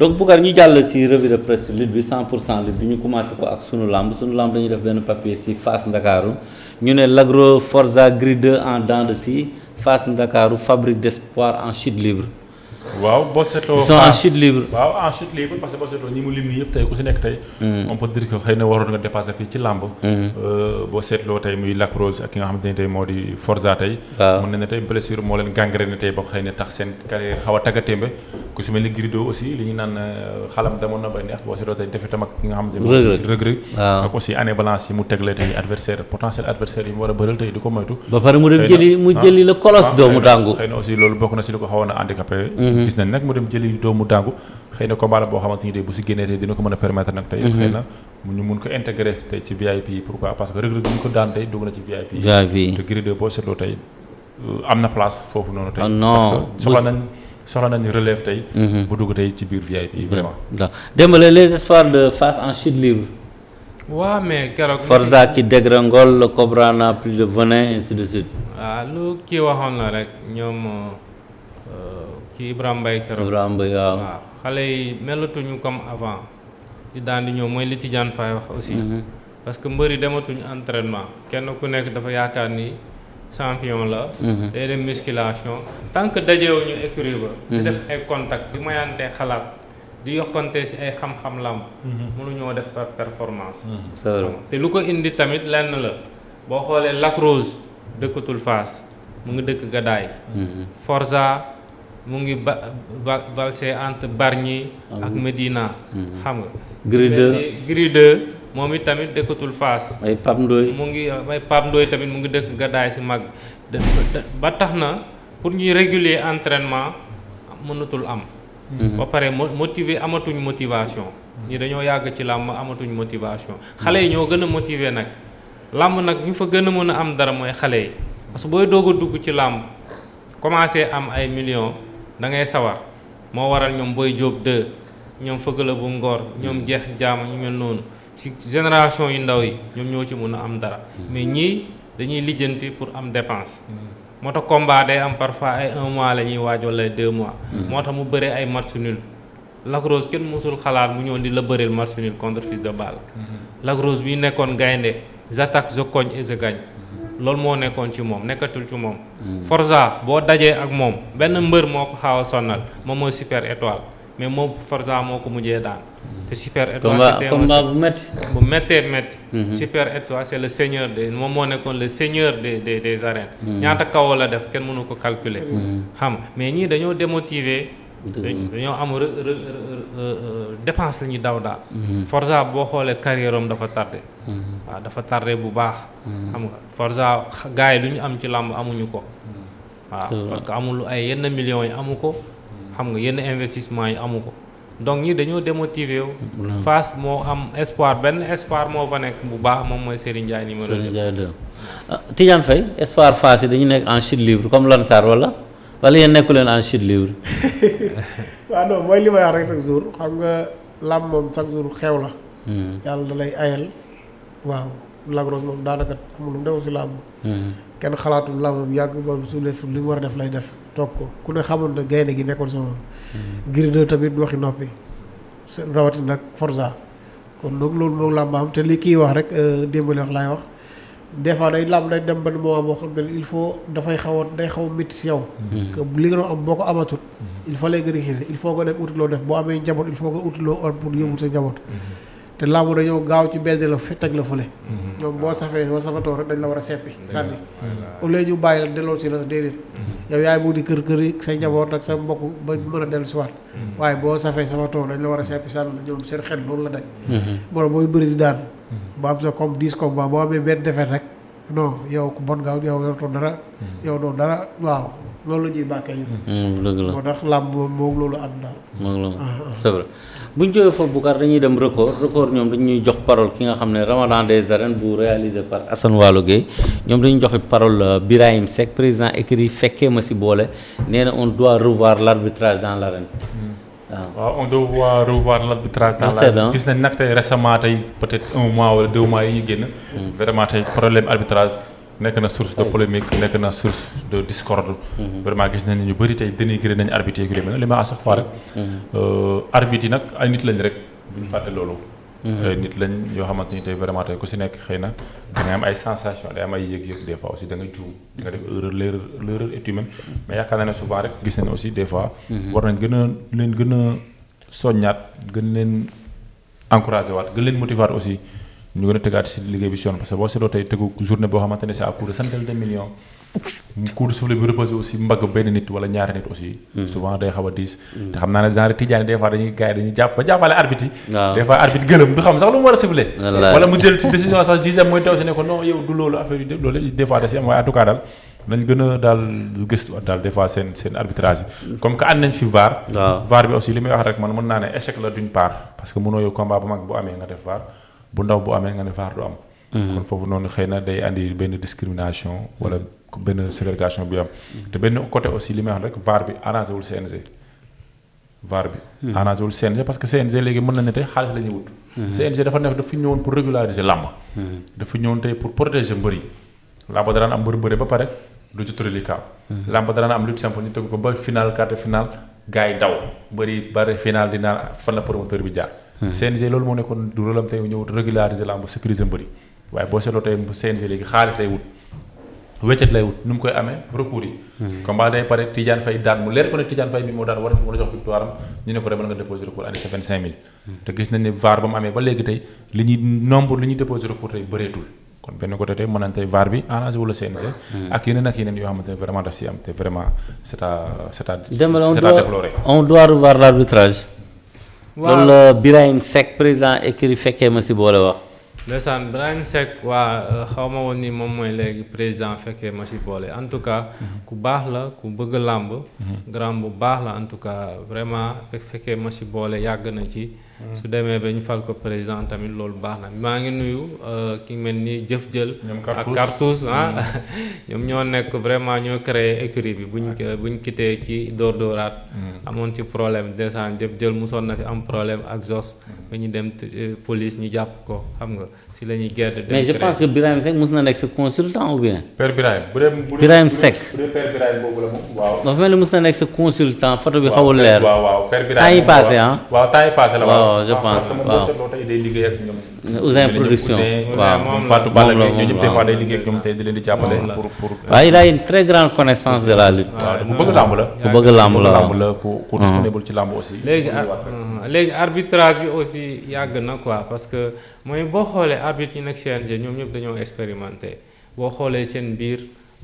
donc Boucar ñu jàll si revue de presse lutte bi 100 pour cent lutte bi ñu commencé ko ak sunu lamb sunu lamb dañuy def benn papier si Fass Ndakaaru ñu ne l'agro Forza Gris 2 en dents de scie Fass Ndakaaru fabrique d'espoir en chute libre waaw boo seetloo ils sont en chute nekk tey. Mm. on peut dire que xëy nga dépassé fii ci làmb. Mm. Euh, boo ak ki nga xamante ne tey moo di na ne tey blessure moo leen gangrène tey ba xëy na tax seen carrière xaw a li ñu naan euh, xalam na ba neex boo ak nga xamante ne. rëg mu tegle jëli mu ah. jëli la colosse doomu dàngu. xëy na aussi loolu bokk na si li ko xawoon a handicapé mm. Mhm. gis nañ nag mu dem jëli doomu dàngu xëy na combat la boo xamante ni tey bu si génnee tey dina ko mën a permettre nag tey mhm. xëy na ñu mun ko intégré tey ci VIP yi pourquoi parce que Reug Reug ñu ko daan tey dugg na ci VIP yi te Gris 2 boo seetloo tey euh, am na place foofu noonu tey ah, parce que soxla nañ relève tey. bu mhm. dugg tey ci biir VIP yi vraiment. d'accord Dembélé les espoirs de face en chute libre. waaw mais keroog. Forza qui dégringole le Cobra n'a de venin ainsi de ci Ibrahima Mbaye keroog Ibrahima Mbaye waaw. waaw xale yi melatuñu comme avant di daan di ñëw mooy li Tidiane Faye wax aussi. Mhm. parce que mbër yi dematuñu entraînement kenn ku nekk dafa yaakaar ni champion la. Mhm. day dem musculation tant que dajewuñu écurie ba. di mhm. def ay contact di mayante xalaat di yokkante si ay xam-xam lam mënuñoo def par performance. te lu ko indi tamit lenn la boo xoolee Lac Rose dëkkatul Fass mu ngi dëkk Gadaay. Forza. mu ngi ba ba valsé entre Bargny ah ak Medina. Mm-hmm. xam nga. Grideux Grideux moom it tamit dëkkatul Fass. ay Pape mu ngi ay Pape Ndoye tamit mu ngi dëkk Gadaay si mag. ba tax na pour ñuy réguler entrainement mënatul am. Mm-hmm. ba pare motiver amatuñ motivation. ñi dañoo yàgg ci làmb amatuñ motivation. xale yi ñoo gën a motiver nag. làmb nag ñu fa gën a mën a am dara mooy xale yi parce booy doog dugg ci làmb commencé am ay millions. da ngay sawar moo waral ñoom booy jóob 2 ñoom Fëgala bu ngoor ñoom mm. jeex jaama ñu mel noonu si génération yu ndaw yi ñoom ñoo ci mun a am dara mm. mais ñii dañuy lijjanti pour am dépense mm. moo tax combat day am parfois ay en mois la ñuy waaj wala deux mois moo tax mu bëre ay match nul Lac kenn mosul xalaat mu ñëwoon di la bëreel match nul contre Fils de Balla mm-hmm. Lac Rose bi nekkoon gaynde j'attaque je cogne et je loolu moo nekkoon ci moom nekkatul ci moom. Mm. Forza boo dajee ak moom benn mbër moo ko xaaw a sonnal moo mooy super étoile mais moom Forza moo ko mujjee daan. Mm. te super étoile combat bu métti bu méttee métti. Mm-hmm. super étoile c' est le seigneur des moom moo nekkoon le seigneur de de des arènes. Mm. ñaata kawoo la def kenn mënu ko calculer. xam mais ñii dañoo démotiver. dañoo am euh, dépense la daw daal. Mhm. Forza boo xoolee carrière dafa tardé. Mhm. waaw dafa tardé bu baax. Mhm. xam nga Forza gars yi lu ñu am ci làmb amuñu ko. waaw parce que amul ay yenn millions yi amu ko. xam nga yenn investissement yi amu ko donc ñi dañoo démotivé wu. Fass moo am espoir benn espoir moo fa nekk bu baax moom mooy Serigne Ndiaye numéro 2. Serigne Ndiaye 2 ah, Tidiane espoir Fass yi dañu nekk en libre comme Lansar wala. wala yéen nekku leen en chute waaw mooy li may wax rek chaque jour xam nga làmb moom chaque jour xew la. Hmm. yàlla da lay ayal waaw lagros moom daanaka amul lu mu def si làmb. Hmm. kenn xalaatul làmb yàgg ba su def lim war a def lay def toog ko ku ne xamul ne gaynde gi nekkoon sama. Hmm. Gris 2 tamit waxi noppi rawatin nag Forza kon donc loolu moom làmb te li kii wax rek euh, démb li wax laay wax. des fois day làmb day dem benn moment boo xam ne il faut dafay xaw a day xaw a si yow. Mm-hmm. li nga doon boo ko amatul. Mm-hmm. il faut léegi réussir il faut nga dem uti loo def boo amee njaboot il faut nga uti loo or pour yóbbul sa njaboot. Mm-hmm. te gaaw ci benn la teg la fële. ñoom boo safee ba safatoo rek dañ la war a seppi sànni. au lieu la delloo si la déedéet. yow yaay di kër kër yi njaboot ak sa mbokk ba mën a dellu si waat. boo safee safatoo dañ la war a seppi sànni la ñoom seen xel loolu la daj. moo booy bëri di daan. bu am sa comme dix combat boo amee benn defet rek non yow ku bon nga yow yow dara. Hmm. yow doo dara waaw loolu la ñuy bàkkee ñun. Hmm, dëgg la moom loolu ànd daal. moom ah, ah. bu ñu jógee foofu Boucar dañuy dem record record ñoom dañuy jox parole ki nga xam ne Ramadan des arènes bu réalisé par Assane Walu Gueye ñoom dañuy joxe parole euh, Birahim Seck président écrit fekkee ma si boole nee na on doit revoir l' arbitrage dans la arène. Hmm. Ah. waaw on doit revoir l'arbitrage dans gis nañ nag tey récemment tey peut-être un mois wala deux mois yi ñu génn. Hmm. vraiment tey problème arbitrage nekk na source de polémique nekk na source de discorde. Hmm. vraiment gis nañ ñu bëri tey dénigré nañ arbitre yi li ma à chaque hmm. euh, arbitre yi nag ay nit lañ rek bu ñu fàtte loolu. ay euh, nit lañ yoo xamante ni tey vraiment tey ku si nekk xëy na da am ay sensation day am ay yëg-yëg des fois aussi da nga juum di nga def erreur l'erreur l'erreur est humaine ne souvent rek gis nañ aussi des fois mhm. war nañ gën a leen gën a soññaat gën leen encouragé waat gën leen motivaat aussi ñu gën a tëggaat si liggéey bi si yoon parce boo seetloo tey tëggu journée boo xamante ne c'est à coup de centaine coup de soufflet bi reposé aussi mbagg benn nit wala ñaari nit aussi. Hmm. souvent day xaw a diis. Hmm. te xam naa ne genre tijaani des fois dañuy gars dañuy jàpp ba jàppale arbitre yi. arbitre gëlëm du xam sax lu mu war a siffler. wala mu jël ci décision sax mooy taw si am waaye en tout nañ gën a daal gëstu daal des fois seen seen arbitrage comme que ànd nañ fi VAR. waaw bi aussi li may wax rek man mën naa ne échec la d'une part. parce que mënoo yow combat hmm. day andi benn discrimination benn ségrégation bi am. Mm-hmm. te benn côté aussi li may wax rek VAR bi arrangé wul CNG. VAR bi. Mm-hmm. arrangé wul CNG parce que CNG léegi mën na ne tey xaalis la ñuy wut. Mm-hmm. CNG dafa nekk dafa ñëwoon pour régulariser làmb. dafa ñëwoon tey pour protéger mbër yi. làmb daraan am mbër bëre ba pare du ci turali kaaw. làmb daraan am lutte simple ñu teg ko ba final quart de final daw bëri bëri final dinaa fan la promoteur bi jaar. CNG loolu moo nekkoon du rôle am tey ñëw régulariser làmb sécuriser mbër waaye boo seetloo tey CNG léegi xaalis lay wut. wéccet lay wut nu mu koy amee recours yi. Hmm. combat day pare Tidiane Faye daan mu leer ko ne Tidiane Faye bi moo daan war mu jox victoire ñu ne ko demal nga déposer recours andi sa 25000. Hmm. te gis nañ ne VAR ba mu amee ba léegi tey li ñuy nombre li ñuy déposer recours tey bëreetul kon benn côté tey mën nañ tey VAR bi arrangé wala CNG. Hmm. ak yeneen ak yeneen yoo xamante ne vraiment daf si am te vraiment c'est à c'est à c'est à déplorer. on doit ndeysaan Birahim sec waa euh, xaw ma woon ni moom mooy léegi président fekkee ma ci boole en tout cas. Mhm. ku baax la ku bëgg làmb. Mhm. grand bu baax la en tout cas vraiment fekkee ma ci boole yàgg na ci. su demee ba ñu fal ko président tamit loolu baax na maa ngi nuyu euh, ki mel ni jëf jël ak Cartouche ah mm. ñoom ñoo nekk vraiment ñoo créé écurie bi buñ buñ kitee ci dóor dóoraat mm. amoon ci problème descend jëf jël mosoon na fi am problème ak jos mm. ba ñu dem euh, police ñu jàpp ko xam nga si la ñuy gerte mais je pense que na nekk sa consultant ou bien Père Birahim bu dee Birahim Seck bu dee Père Birahim boobu la moom waaw dafa mel ni mos na nekk sa consultant photo bi xawul leer temps yi passé ah waaw non je pense waaw day liggéey ak ñoom. Ousin production waaw moom Fatou Balla ñoom ñëpp des di leen di a une très grande connaissance de la lutte. waaw ku bëgg la. ku bëgg làmb la waaw la ku ku mm-hmm. disponible ci làmb aussi. léegi mm-hmm. léegi arbitrage bi aussi yàgg na quoi parce que mooy boo xoolee arbitre yi nag CNG ñoom ñëpp dañoo expérimenté boo xoolee seen biir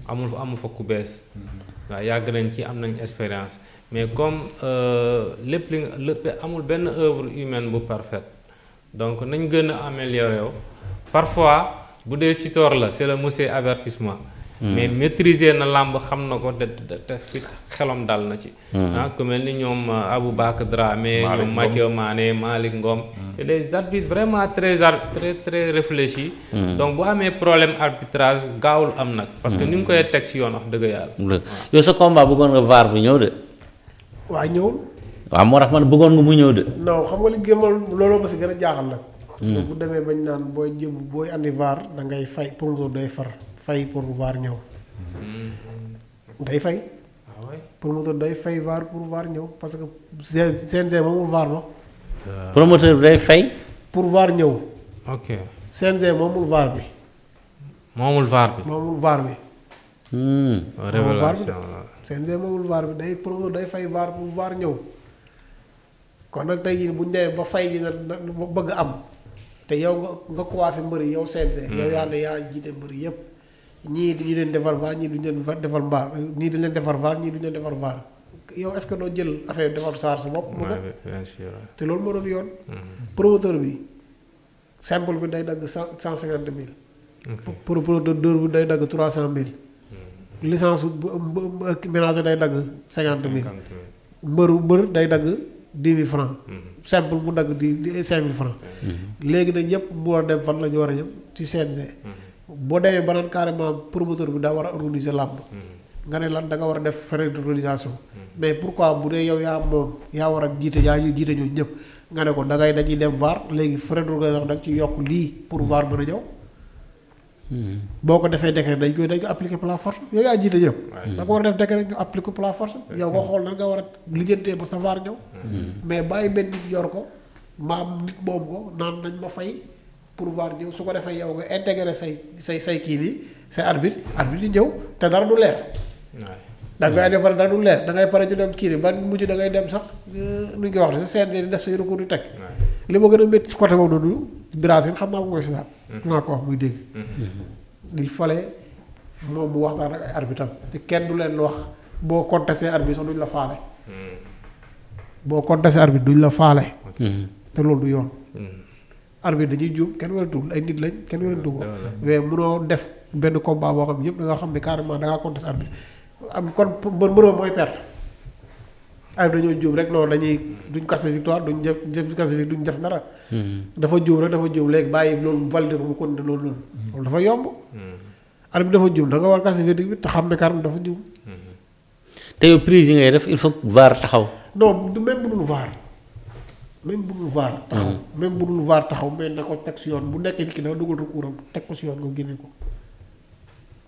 amul fa amul fa ku bees. Mm-hmm. waaw yàgg nañ ci am nañ expérience. mais comme euh, lépp li lépp amul benn œuvre humaine bu parfaite donc nañ gën a améliorer wu parfois bu dee sitoor la c'est le monsieur avertissement hmm. mais maîtriser na làmb xam na ko te te fi xelam dal na ci hmm. ah ku mel ni ñoom euh, Aboubacar Dramé ñoom Mathieu Mané Malick Ngom hmm. c'est des arbitres vraiment très très très réfléchis donc bu amee problème arbitrage gaawul am nag parce que ni nga koy teg ci yoon wax dëgg yàlla yow sa combat bëggoon nga VAR bi ñëw de waa ñëwul. waa moo tax man bëggoon nga mu ñëw de. non xam nga li gëmal looloo ma si gën a jaaxal nag. parce hmm. bu demee bañ naan booy jëm booy andi vaar da ngay fay promoteur day far fay pour vaar ñëw. Hmm. day fay. Ah promoteur day fay vaar pour vaar ñëw parce que CNG moomul vaar ba. Ah. promoteur bi day fay. pour vaar ñëw. ok CNG moomul vaar bi. moomul vaar bi moomul vaar bi. Hmm. révélation la CNG moomul VAR bi day promo day fay VAR bu VAR ñëw kon nag tey jii bu ñu ba fay gi na bëgg am te yow nga nga ko waa fi mbëri yow CNG. Hmm. yow yaa ne yaa jiite mbëri yëpp. ñii dañu leen defar VAR ñii duñu leen defar mbaar ñii dañu leen defar VAR ñii duñu leen defar VAR yow est que doo jël affaire defar saar sa bopp. mu te loolu moo doon yoon. Hmm. promoteur bi simple bi day dagg cent cinquante mille. pour promoteur bi day dagg trois cent mille. licence ménager day dagg cinquante mille mbëru mbër day dagg dix mille franc mhm. simple mu dagg di cinq mille franc mhm. léegi nag ñëpp mu war a dem fan la ñu war a ñëpp ci CNG mhm. boo demee ba naan carrément promoteur bi daa war a organiser làmb nga ne lan danga war a def frais d'organisation mais pourquoi bu dee yow yaa moom yaa war a jiite yaa ñu jiite ñooñu ñëpp nga ne ko da ngay dañuy dem VAR léegi frais d'organisation da nga ci yokk lii pour VAR mën a ñëw boo ko defee décret dañ koy dañ ko appliquer par la force yow yaa jiite yëpp. da ko war a def décret ñu appliquer par la force. yow nga xool nan nga war a lijjantee ba savoir ñëw. Mm. mais bàyyi benn nit yor ko maam nit moom ko naan nañ ma pour pourvoir ñëw su ko defee yow nga intégré say say say kii nii say arbitre arbitre yi ñëw te dara du leer. da ngay def mm. dara du leer da ngay pare ñu dem kii nii ba mujj da dem sax euh, nu ñu koy wax ne CNG di def say recours di teg. li ma gën a métti ci côté boobu noonu. Birasine xam naa ko mooy sidaat. Mm-hmm. naa ko wax muy dégg. Mm-hmm. il fallait moom mu waxtaan ak ay tam te kenn du leen wax boo contesté arbitre sax duñ la faale. Mm-hmm. boo contesté arbitre duñ la faale. te loolu du yoon. arbitre dañuy juum kenn waratul ay nit lañ kenn waratul ko. mais munoo def benn combat boo xam yëpp da nga xam ne carrément da ngaa contesté arbitre am kon mbër mbëroo mooy perte. ay dañoo juum rek loolu dañuy duñ kase victoire duñ def def kase victoire duñ def dara. dafa juum rek dafa juum léegi bàyyi loolu validé ko mu continué loolu noonu. loolu dafa yomb. ar bi dafa juum da nga war kase victoire bi te xam ne karam dafa juum. te yow prise yi ngay def il faut vaar taxaw. non du même bu dul vaar même bu dul vaar. taxaw hmm. même bu dul vaar taxaw mais na ko teg si yoon bu nekkee nit ki dafa dugal recours am teg ko si yoon nga génne ko.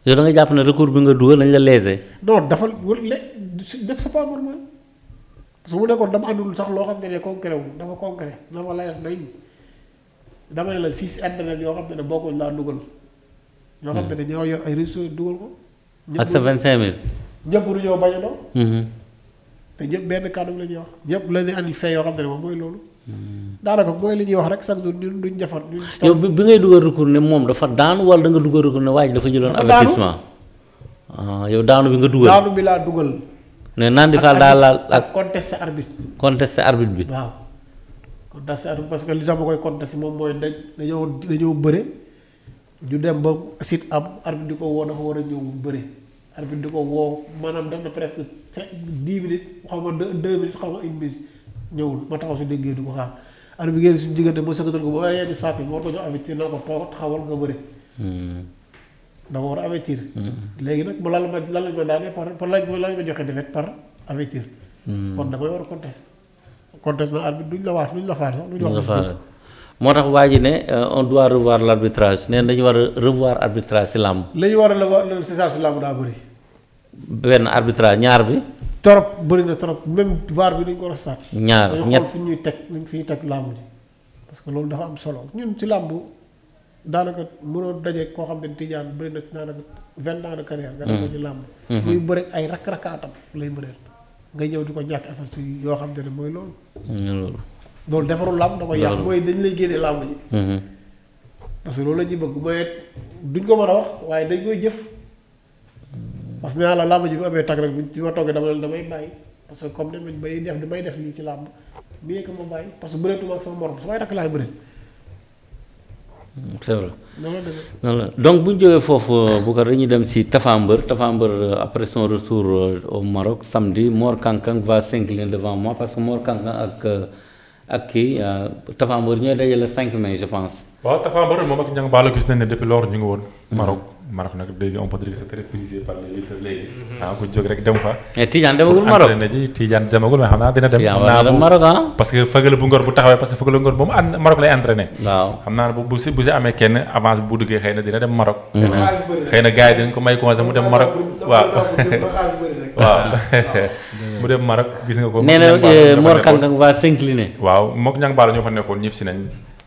yow da nga jàpp ne recours bi nga dugal dañ la léser. non dafa wër le c'est pas normal. su mu nekkoon dama àndul sax loo xam ne ne concret wu dafa concret dama lay wax nañ dama la six internet yoo xam ne ñoo xam ne ne yor ay réseaux dugal ko. ak sa vingt cinq mille. ñëpp du ñëw a doon. te ñëpp benn la ñuy wax ñëpp la ñuy andi fee xam moom mooy loolu. Mm-hmm. daanaka mooy li ñuy wax rek chaque jour ñun duñ defar. yow moom dafa daanu wala da nga dugal recours ne waa dafa jëloon. avertissement ah, yow daanu bi nga dugal. daanu bi laa dugal. ne Nandi Fall daa laal ak contesté arbitre. contesté arbitre bi waaw. contesté arbitre parce que li tax ma koy contesté moom mooy dañ dañoo dañoo bëre ñu dem ba sit am arbitre di ko woo dafa war a ñëw bëre arbitre di ko woo maanaam def na presque cinq dix minutes xaw ma deux minutes xaw ma une minute ñëwul ma taxaw su déggee di ko xaar arbitre bi ngeen suñu diggante ma sëkkatal ko ba pare yenn saako yi war ko jox avertir naa ko toog taxawal nga bëre. Hmm. da war a avertir. Mm-hmm. léegi nag bu lan la lan lañ ma daanee par par lan lañ ma joxe defet par avertir. Mm-hmm. kon damay war a contester. contester na arbitre duñ la waat duñ la faar moo tax waa ji ne euh, on revoir l' arbitrage nee dañu war a revoir arbitrage si làmb. li ñu war a revoir si làmb daa bëri. benn arbitrage ñaar bi. trop bëri na trop même vaar bi dañ ko war a saat. ñaar ñett dañu fi ñuy teg fi ñu teg làmb ji parce que loolu dafa am solo ñun ci làmb. daanaka mënoo daje koo xam ne Tidiane bëri na daanaka vingt ans de carrière nga def ko mm. ci làmb muy mm-hmm. bëri ay rak-rakaatam lay bëreel nga ñëw di ko ñàkk affaire ci yoo xam te ne mooy mm, loolu loolu defaru làmb da koy yàq mooy dañ lay génnee làmb ji mm-hmm. parce que loolu la ñuy bëgg mooy duñ ko mën a wax waaye dañ koy jëf parce que nee naa la làmb ji bu amee tag rek bu ma toggee dama leen damay bàyyi parce comme ne may def damay def lii ci làmb mieux que ma bàyyi parce que bëreetuma ak sama morom su may rakk laay bëreel Mm, c'est vrai la donc bu ñu jógee foofu euh, bu ko dañuy dem si Tafambeur Tafambeur euh, après son retour euh, au Maroc samedi Mor Kankang va s'incliner devant moi parce que Mor Kankang ak ak kii Tafambeur ñooy dajale le 5 mai je pense. waaw Tafambeur moom ak Niang Ballo gis nañ ne depuis lors ñu ngi woon Maroc. Mm-hmm. Maroc nag léegi on peut dire que c'est très par les lutteurs mhm. ah, dem fa. mais Tidiane demagul Maroc na ji Tidiane mais xam naa dina dem. Tidiane Maroc ah. parce que fëgale bu ngor bu taxawee parce que fëgale bu ngor moom ànd Maroc lay entraîné. waaw xam naa bu bu si bu si amee kenn avance bu duggee xëy na dina dem Maroc. Mhm. xëy na gars yi ko may commencé mu dem Maroc. waaw mu dem Maroc gis nga ko. nee na eh, Mor Kang Kang va s'incliner. waaw moog Niang Ballo ñoo fa nekkoon ñëpp si nañ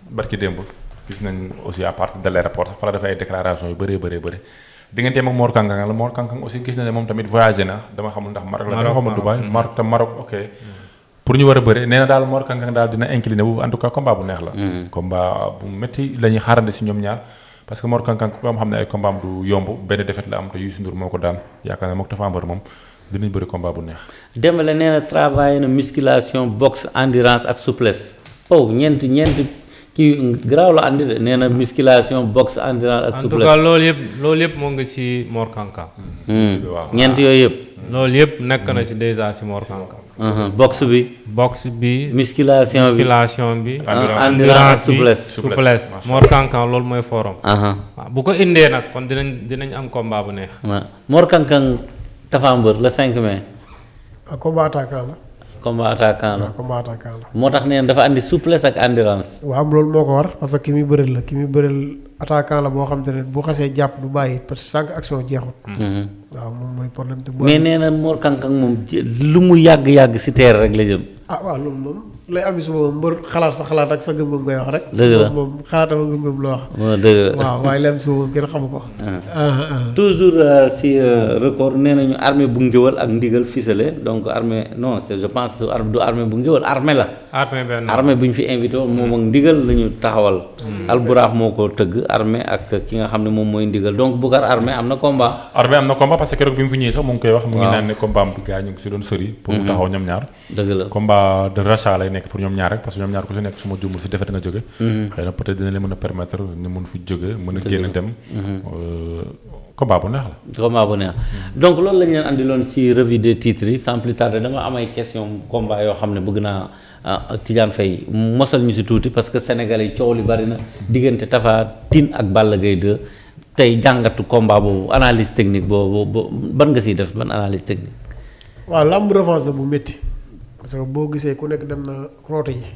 barki démb gis nañ aussi à partir de l'aéroport sax fa la def déclaration yu bëree bëree bëri digganteem ak Mor Kankang la Mor aussi gis na moom tamit voyagé na dama xamul ndax Maroc la dama xamul Dubaï Maroc te Maroc ok mm. pour ñu war a bëri nee daal Mor daal dina incliné wu en tout bu neex la mm. combat bu métti la ñuy xaarandi ñoom ñaar parce que ko am xam ne ay combat du yomb benn défaite la am te Youssou Ndour moo ko daan yaakaar kii garaaw la andi de nee na musculation boxe endurance ak. souplesse en loolu yëpp loolu yëpp moo ngi si Mor Kanka. Hmm. waaw ñeent yooyu yëpp. loolu yëpp nekk na si dèjà si Mor Kanka. Uh-huh. boxe bi. boxe bi. musculation bi musculation bi. Ah, endurance loolu mooy forum. Uh-huh. waaw bu ko indee nag kon dinañ dinañ am combat bu neex. waaw Mor Kanka Tapha Mbeur le 5 mai. Ah, combat attaquant la combat attaquant la. moo tax nee dafa andi souplesse ak endurance. waaw loolu moo ko war parce que ki muy bëreel la ki muy bëreel attaquant la boo xam te ne bu xasee jàpp du bàyyi parce que sànq action jeexut. Mm-hmm. waaw moom mooy problème te. mais nee na Mor Kang Kang moom lu mu yàgg yàgg si terre rek la jëm. ah waaw loolu moom. lay ami suma mbër xalaat sa xalaat ak sa gëm-gëm ngay wax rek. dëgg la moom xalaat ama gëm-gëm la wax. waaw dëgg la am suma moom kenn xamu ko. Ah. Ah, ah, toujours euh, si euh, record nee nañu armée bu ngéwal ak ndigal ficelé donc armée bu ngéwal armée la. armée benn armée bu ñu fi invité woon moom ak ndigal la ñu taxawal. Hmm. alburaax moo ko tëgg armée ak ki nga xam ne moom mooy ndigal donc Boucar armée am na combat. armée am na combat parce que keroog bi mu fi ñëwee sax mu ngi koy wax. mu ngi naan ne combat am bi gars ñu ngi si doon sori. pour hmm. taxaw ñoom ñaar. dëgg la nekk pour ñoom ñaar rek parce que ñoom ñaar ku si nekk su ma si defet nga jóge mm-hmm. xëy na peut-être dina mën a permettre ñu mun fu jóge mën a génn dem mm-hmm. euh, combat bu neex la combat bu neex mm-hmm. donc loolu lañu leen andi loon ci revue des titres yi sans plus tarder dama am ay question combat yoo xam ne bëgg naa ah, Tidiane Faye mosal ñu si tuuti parce que sénégalais yi coow li bari na diggante Tapha Tine ak Balla Gaye 2 tey jàngatu combat boobu analise technique boobu ban nga siy def ban analyse technique parce que boo gisee ku nekk dem na rooti ji